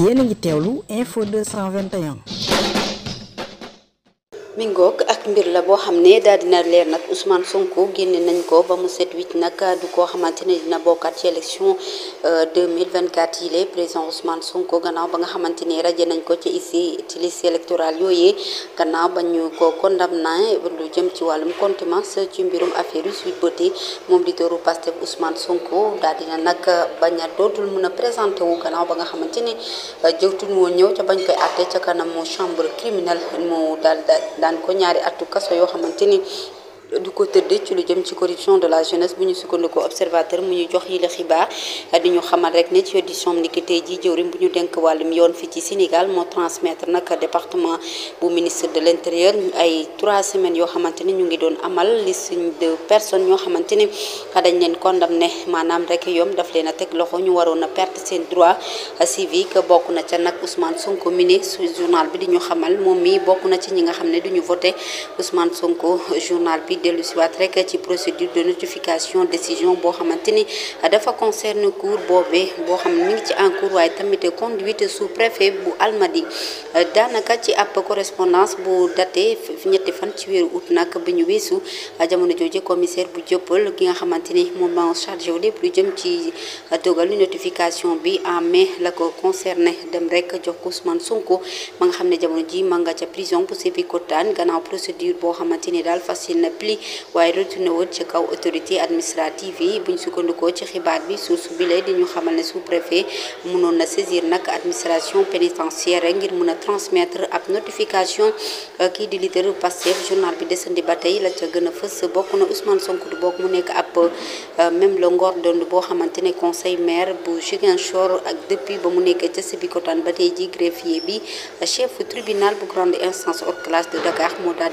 yéen a ngi teewlu info 221. mi ngoog ab mbir la boo xam ne daal dina leer nag Ousmane Sonko génne nañ ko ba mu set wicc nag du koo xamante ne dina bokkaat ci élection 2024 euh, yi président Ousmane Sonko gannaaw ba nga xamante ne raje nañ ko ci ici ci liste électorale yooyee gannaaw ba ñu ko condamné lu jëm ci wàllum contumace ci mbirum affaire yu Sweet Beauté moom leaderu Pastef Ousmane Sonko daal dina nag bañ a dootul mun a présenté wu gannaaw ba nga xamante ne euh, jëwtuñ woon ñëw ca bañ koy àtte ca kanamu chambre criminelle mu daal daan ko ñaari atu kaso yoo xamante ni du ko tëdd ci lu jëm ci corruption de la jeunesse bu ñu sukkandikoo observateur mu ñu jox yi la xibaar di ñu xamal rek ne ci audition ni ki tey ji jëwriñ bu ñu dénk wàllum yoon fii ci Sénégal moo transmettre nag département bu ministre de l' intérieur ay trois semaines yoo xamante ni ñu ngi doon amal liste de personnes ñoo xamante ni dañ leen ne maanaam rek yoom daf leen a teg loxo ñu waroon a perte seen droit civique bokk na ca nag Ousmane Sonko mi ne bi di ñu xamal moom mi bokk na ci ñi nga xam ne du ñu voté Ousmane Sonko dellu siwaat rek ci procédure de notification décision boo xamante ni dafa concerne cour boobee boo xam mi ngi ci en cours waaye tamit conduite sous préfet bu Almadi daanaka ci ab correspondance bu date ñetti fan ci weeru août nag bi ñu weesu jamono jooje commissaire bu jëppal ki nga xamante ni moom en charge lépp lu jëm ci dogalu notification bi en mai la ko dem rek jox ko Ousmane Sonko ma nga xam ne jamono ji ma nga ca prison bu Sébikotane tàmbali waaye retourné woon ci kaw autorité administrative yi buñ sukkandikoo ci xibaar bi source bi lay di ñu xamal ne sous-préfet mënoon na saisir nag administration pénitentiaire ngir mën a transmettre ab notification euh, kii di leader Pastef journal bi desandi ba tey la ca gën a fës bokk na Ousmane Sonko du bokk mu nekk ab euh, même le ngor dond boo xamante ne conseil maire bu Ziguinchor ak depuis ba mu nekk ca Sébikotane ba tey ji greffier bi chef tribunal bu grande instance de Dakar moo daal